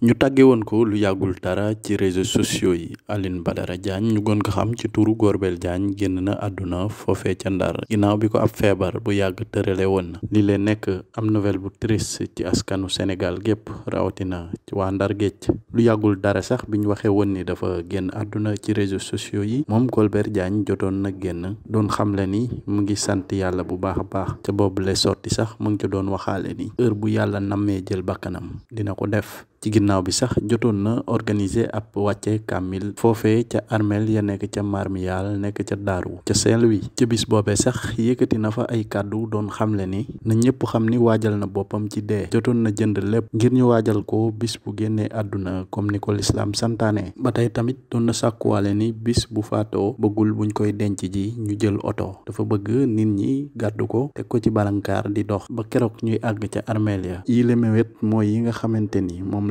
ñu tàgge woon ko lu yàggul dara ci réseaux sociaux yi Alioune Badara Diagne ñu gën ko xam ci turu Golbel Diagne génn na àdduna foofee ca Ndar ginnaaw bi ko ab feebar bu yàgg tërale woon na li leen nekk am nouvelle bu triste ci askanu Sénégal gépp rawatina ci waa Ndar géej lu yàggul dara sax bi ñu waxee woon ni dafa génn àdduna ci réseaux sociaux yi moom Golbel Diagne jotoon nag génn doon xamle ni mu ngi sant yàlla bu baax a baax ca boobu lay sotti sax mu ngi ca doon waxaale ni heure bu yàlla nammee jël bakkanam dina ko def ci ginnaaw bi sax jotoon na organiser ab wàcce kàmmil foofee ca armeel ya nekk ca Marmiyal nekk ca Daaru ca Saint-Louis ca bis boobee sax yëkkati na fa ay kàddu doon xamle ni na ñëpp xam ni waajal na boppam ci dee jotoon na jënd lépp ngir ñu waajal ko bis bu génnee àdduna comme ni ko lislaam santaane ba tey tamit doon na sàkkuwaale ni bis bu faatoo bëggul buñ koy denc ji ñu jël oto dafa bëgg nit ñi gàddu ko teg ko ci balankaar di dox ba keroog ñuy àgg ca armeel ya yi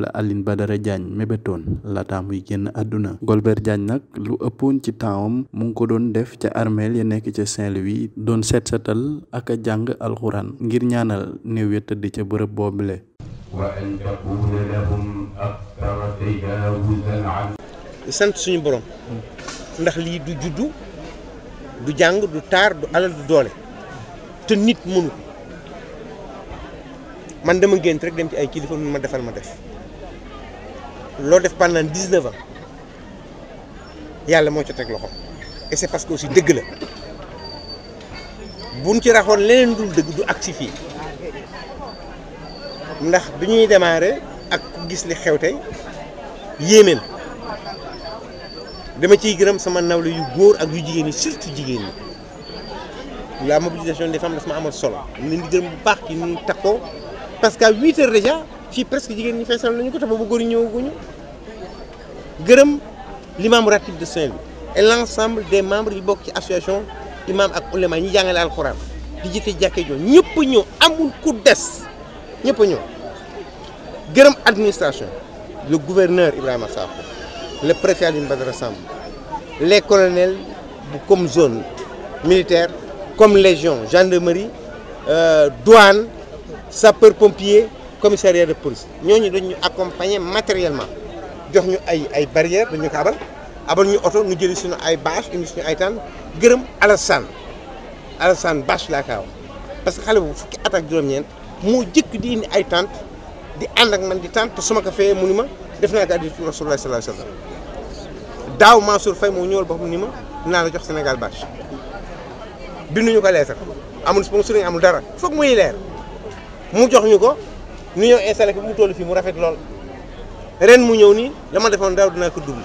moom la Alioune Badara Diagne mébétoon laata muy àdduna Golbert Diagne nag lu ci tempsam mu ngi ko doon def ca armeel ya nekk ca Saint-Louis doon seet seetal ak jàng alxuraan ngir ñaanal néew ya sant suñu boroom ndax lii du juddu du jàng du taar du alal du doole te nit mënu ko man dama gént rek dem ci ay kilifa ma defal ma def loo def pendant dix-neuf ans yàlla moo ci teg loxo et c'est parce que aussi dëgg la buñ ci raxoon leneen du dëgg du agsi fii ndax bi ñuy démarrer ak gis li xew tey yéeme na dama ciy gërëm sama nawle yu góor ak yu jigéen yi surtout jigéen ñi la mobilisation des femmes dafa ma amal solo ñu leen di gërëm bu baax ci ñu takkoo parce que à huit heures déjà fii presque jigéen ñi feesal nañu ko te boobu góor ñëwaguñu gërëm l'imam ratib de Saint-Louis et l'ensemble des membres yi bokk ci association imam ak ulema ñi jàngale alxuraan di jiite jàkkee joon ñëpp ñëw amul ku des ñëpp ñëw gërëm administration le gouverneur Ibrahima Sakho le préfet Alioune Badara Samb les colonels bu comme zone militaire comme légion gendarmerie euh, douane sapeur pompier commissariat de police ñooñu dañu accompagner matériellement jox ñu ay ay barrières dañu ko abal abal ñu oto ñu jëli suñu ay bâche indi suñu ay tànn gërëm Alassane Alassane bâche laa kaaw parce que xale bu fukki at ak juróom-ñeent moo jëkk di indi ay tànt di ànd ak man di tànt su ma ko fayee mu ni ma def naa ko addi Rasulullah sallallahu alayhi wasallam daaw Mansour Faye moo ñëwal boppam ni ma naa la jox senegal Sénégal bâche binduñu ko leetar amul sponsor amul dara foog mu jox ñu ko ñu ñëw installé mu tollu fii mu rafet lool ren mu ñëw nii la ma defoon daaw dinaa ko double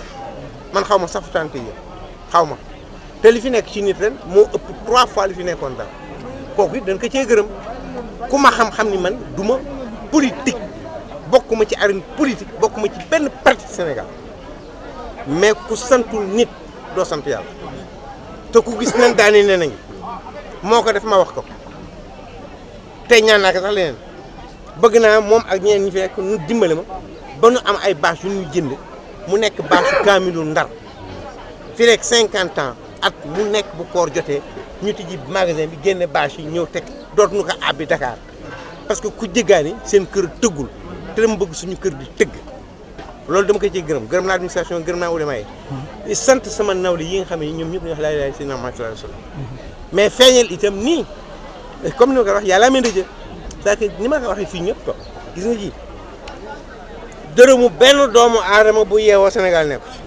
man xaw ma safu tànk yi xaw ma te li fi nekk ci nit ren moo ëpp trois fois li fi nekkoon daaw kooku it dañ ko cee gërëm ku ma xam-xam ni man duma ma politique bokkuma ci arène politique bokkuma ci benn parti senegal mais ku santul nit doo sant te ku gis nen daani ne nañu moo ko def ma wax ko te ñaan naa ko sax leneen bëgg naa moom ak ñeneen ñi fi nekk nu dimbale ma ba nu am ay bâche yu ñu jënd mu nekk bâche kaamilu ndar fi rek cinquante ans at mu nekk bu koor jotee ñu tijji magasin bi génne bâche yi ñëw teg dootuñu ko àbbi Dakar parce que ku jéggaani seen kër tëggul te dama bëgg suñu kër di tëgg loolu dama koy ciy gërëm gërëm naa administration gërëm naa ulama yi sant sama nawle yi nga xam ne ñoom ñëpp ñu wax laa ilaaha illallaah Muhammad sallallaahu alayhi wa sallam mais feeñal c'est que ni ma ko waxee fii ñëpp ko gis nga ji dërëmu benn doomu aadama bu yeewoo Sénégal nekku ci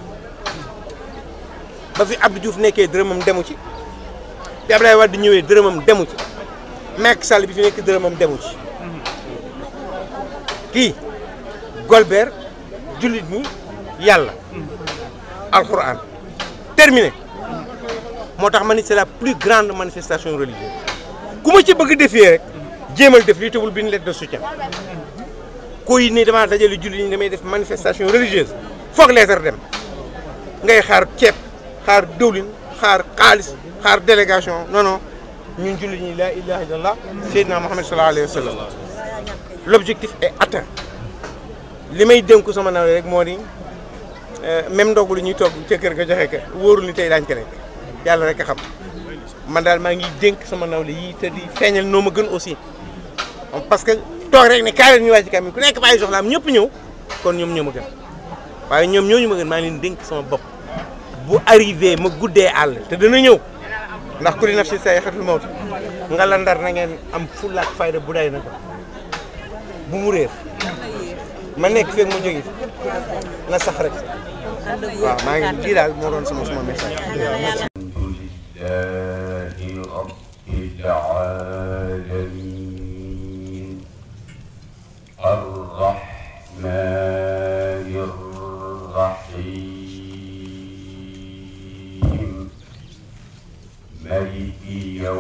ba fi Abdou Diouf nekkee dërëmam demu ci bi Abdoulaye Wade ñëwee dërëmam demu ci Macky Sall bi fi nekk dërëmam demu ci kii Golbert jullit ñi yàlla alxuraan termine moo tax ma ni c'est la plus grande manifestation religieuse ku ma bëgg defee rek jéemal def lii tawul bi ñu lettre de soutien kuy ni damaa dajal julli ñi damay def manifestation religieuse foog lettre dem ngay xaar ceeb xaar dëwlin xaar xaalis xaar délégation non non ñun julli ñi la ilaha illallah sayyidina Muhammad sallallahu alayhi wa sallam l'objectif est atteint li may dénku sama naw rek moo ni euh, même ndogu li ñuy toog ca kër ga joxe ka wóorul ni tey daañu ko yàlla rek a xam daal maa ngi dénk sama nawle yi te di feeñal noo ma gën aussi parce que toog rek ne kaay ñu wàcc ci camion ku nekk bàyyi soxlaam ñëpp ñëw kon ñoom ñoo ma waaye ñoom ñoo ñu gën maa ngi leen sama bopp bu arrivé ma guddee àll te dana ñëw ndax ku di naf si say xetul mawti nga la ndar na ngeen am fulla ak fayda bu day na bu mu réer ma nekk feeg ma jógee na sax rek waaw maa ngi lii daal moo doon sama sama message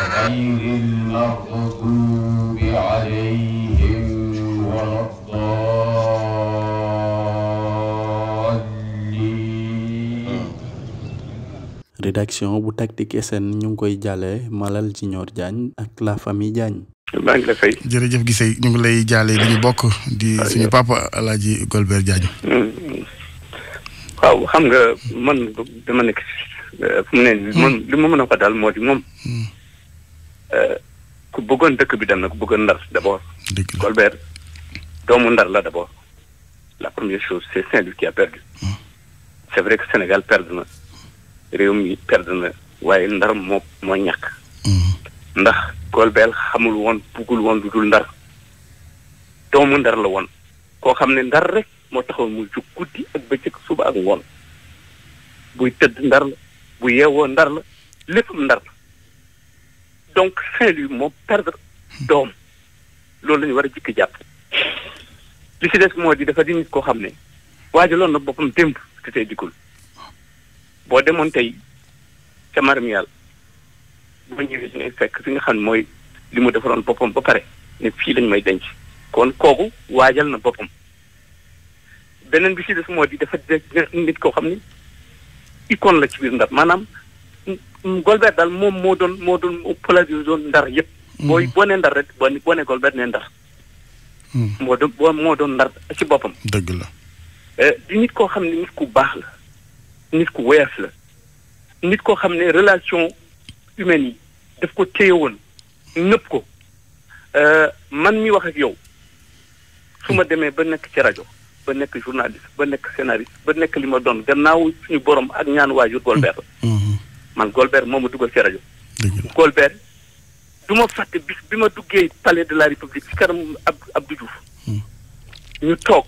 غير المغضوب عليهم ولا الضالين rédaction bu Tactic SN ñu ngi koy jàllee Malal Junior Diagne ak la famille Diagne. maa ngi la fay. jërëjëf Guissé ñu ngi lay jàllee di ñu bokk di suñu papa El Hadj Golbert Diagne. Hmm. waaw xam nga man dama nekk fu mu ne hmm. man li ma mën a ko daal moo di moom. Hmm. ku bëggoon dëkk bi dem na ku bëggoon ndar d'abord. dëgg Colbert doomu ndar la d'abord la première chose c'est Saint-Louis qui a perdu. Hmm. c'est vrai que Sénégal perd na réew mi perd na waaye ndar moo moo ñàkk. Hmm. ndax Colbert xamul woon buggul woon lu dul ndar doomu ndar la woon koo xam ne ndar rek moo taxoon muy jug guddi ak bëccëg suba ak buy tëdd ndar la bu yeewoo ndar la léppam ndar donc Saint-Louis moo perdre doom loolu la war a jikki jàpp li ci des moo di dafa di nit koo xam ne waajaloon na boppam démb te tey dikkul boo demoon tey ca maram yàlla boo ñëwee suñu fekk fi nga xam ne mooy li mu defaroon boppam ba pare ne fii lañ may denc kon kooku waajal na boppam beneen bi ci des moo di dafa di nit koo xam ne icône la ci biir ndar maanaam Mm, Golbert daal moom moo doon moo doon polariser zone ndar yëpp. Mm. booy boo nee ndar rek boo nee Golbert nee ndar. Mm. moo doon boo moo doon ndar ci boppam. dëgg la. Eh, di nit koo xam ne nit ku baax la. nit ku woyof la. nit koo xam ne relation humaine yi daf ko téye woon nëpp ko eh, man mi wax ak yow su ma demee ba nekk ci rajo ba nekk journaliste ba nekk scénariste ba nekk li ma doon gannaaw suñu borom ak ñaan waajur Golbert la mm-hmm. man Golbert moo ma dugal ci rajo. Golbert du ma fàtte bi ma duggee palais de la république ci kanam ab Abdou Diouf. Hmm. ñu toog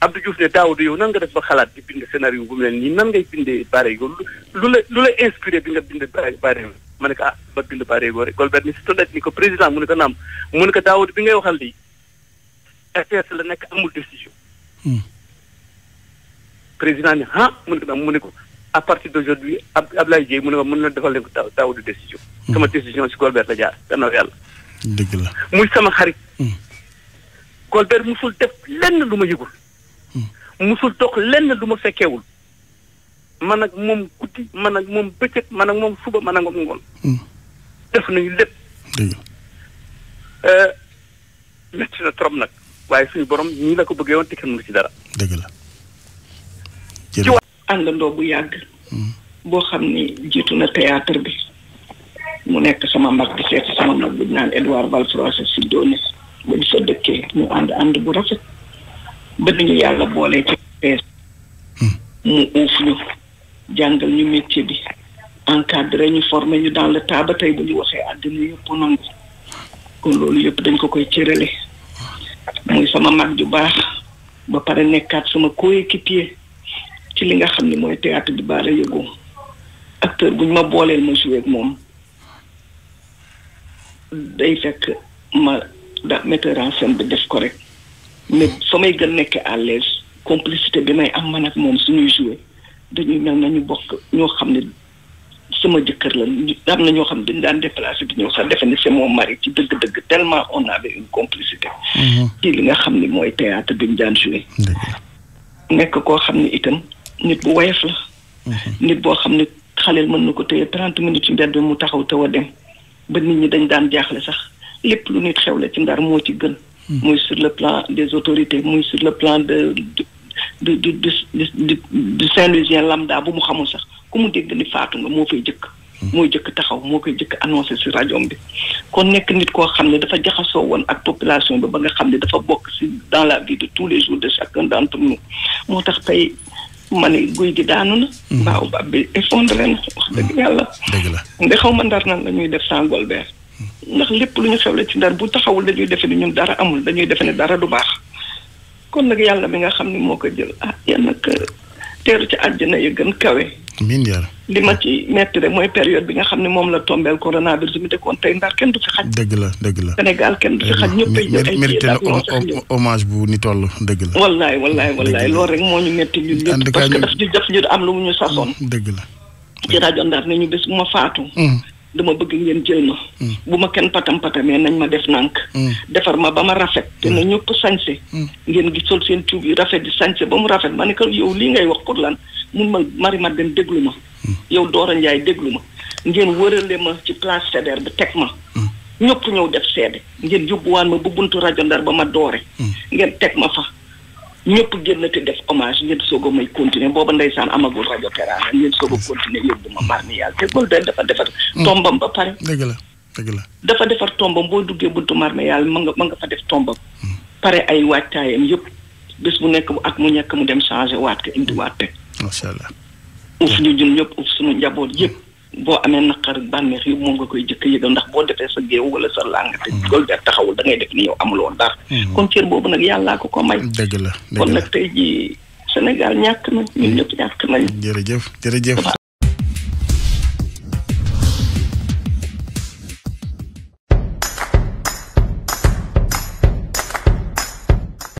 Abdou Diouf ne Daouda yow nan nga def ba xalaat di bind scénario bu mu leen nii nan ngay bindee Bareego lu la lu la inspiré bi nga bind Bareego ma ne ko ah ba bind Bareego rek Golbert ni si tonnet ni ko président mu ne ko naam mu ne ko Daouda bi ngay waxal lii RTS la nekk amul décision. Hmm. président ni ah mu ne ko mu ne ko. à partir d'aujourd'hui ab Ablaye Dieye mu ne ma mën na defal leen ko taw taw de décision. Hmm. sama décision si Golbert la jaar gannaaw yàlla. dëgg la muy sama xarit. Golbert hmm. musul def lenn lu ma yëgul. Hmm. musul toog lenn lu ma fekkeewul. man ak moom guddi man ak moom bëccëg man nag moom suba man ak moom ngoon. def nañu lépp. dëgg la. Euh, métti na trop nag waaye suñu borom ñii la ko bëggee woon te kenn mënu ci dara. dëgg la. àndandoo bu yàgg. boo xam ne jiitu na théâtre bi mu nekk sama mag bi seet sama mag bi naan Edouard Valfroisé si doone ba di ñu ànd ànd bu rafet ba ñu yàlla boole ci pees mu uuf ñu jàngal ñu métier bi encadré ñu formé ñu dans le tas ba tey bu ñu waxee àddina yëpp nangu kon loolu yëpp dañ ko koy cërale muy sama mag ju baax ba pare nekkaat sama coéquipier ci li nga xam ne mooy théâtre di Bara Yegum acteur bu ñu ma booleel ma joué moom day fekk ma da metteur en scène bi def ko rek mais fa may gën nekk à l'aise complicité bi may am man ak moom suñuy joué dañuy mel ñu bokk ñoo xam ne sama jëkkër la am na ñoo xam ne dañu daan déplacé di ñëw sax defe ne c'est mon mari ci dëgg-dëgg tellement on avait une complicité mm-hmm. ci li nga xam ne mooy théâtre bi ñu daan joué nekk koo xam ne itam nit bu woyof la. Mhm. nit boo xam ne xaleel mën na ko téye trente minutes ci mbedd mu taxaw taw a dem ba nit ñi dañ daan jaaxle sax lépp lu nit xew la ci ndar moo ci gën. Mhm. muy sur le plan des autorités muy sur le plan de du du du du Saint-Louisien lambda bu mu xamul sax ku mu dégg ni faatu nga moo fay jëkk. Mhm. mooy jëkk taxaw moo koy jëkk annoncé si rajoom bi kon nekk nit koo xam ne dafa jaxasoo woon ak population bi ba nga xam ne dafa bokk si dans la vie de tous les jours de chacun d'entre moo tax tey ma ne guy gi daanu na. waaw mhm. bab bi effondré na wax dëgg mhm. yàlla. dëgg la ndax xaw ma ndar nan la ñuy def sans Golbert. Mhm. ndax lépp lu ñu xewle ci ndar bu taxawul dañuy defe ni ñun dara amul dañuy defe ni dara du baax. kon nag yàlla bi nga xam ne moo ko jël ah yal na teeru ci àjjana yi gën kawe. amiin yaa li ma ci metti rek mooy période bi nga xam ne moom la tombeel coronavirus mi dëkkoon tey ndax kenn du fi xaj. dëgg la dëgg la Sénégal kenn du fi xaj ñëpp ay jël ay mérité na hommage bu ni toll dëgg la. wallaay wallaay wallaay loolu rek moo ñu metti ñun ñëpp parce que daf ñu def ñu am lu ñu sasoon. dëgg la ci rajo Ndar ne ñu bés ma faatu. Mm. dama bëgg ngeen jël ma. Mm. bu ma kenn patam patamee nañ ma def nànk. Mm. defar ma ba ma rafet. te na mm. ñëpp sañse. ngeen gisol seen cuub yi rafet di sañse ba mu rafet ma ne ko yow lii ngay wax pour lan mun ma mari ma dem déglu ma. yow Dora Ndiaye déglu ma. ngeen wërale ma ci place Faidherbe bi teg ma. ñëpp ñëw def seede. ngeen yóbbuwaan ma bu buntu rajo Ndar ba ma doore. ngeen teg ma fa. ñëpp génn te def hommage ngeen soog a may continuer booba ndeysaan amagul rajo Teranga ngeen soog a continuer yóbbu ma marni yàlla te Golden dafa defar. Mm. tombam ba pare. dëgg la dëgg la. dafa defar tombam boo duggee buntu marni yàlla ma nga ma nga fa def tombam. Mm. pare ay waajtaayam yëpp bés bu nekk bu ak mu ñekk mu dem changé waat ko indiwaat te. macha allah. uuf ñu ñun ñëpp uuf suñu njaboot yëpp. boo amee naqar bànneex yëpp moom nga koy jëkk yëgal ndax boo defee sa géew wala sa làng te mm. loolu der taxawul da ngay def ni yow amuloo dara mm. kon cër boobu nag yàllaa ko ko may dëgg la kon nag tey jii Sénégal ñàkk na ñun ñëpp ñàkk nañ jërëjëf jërëjëf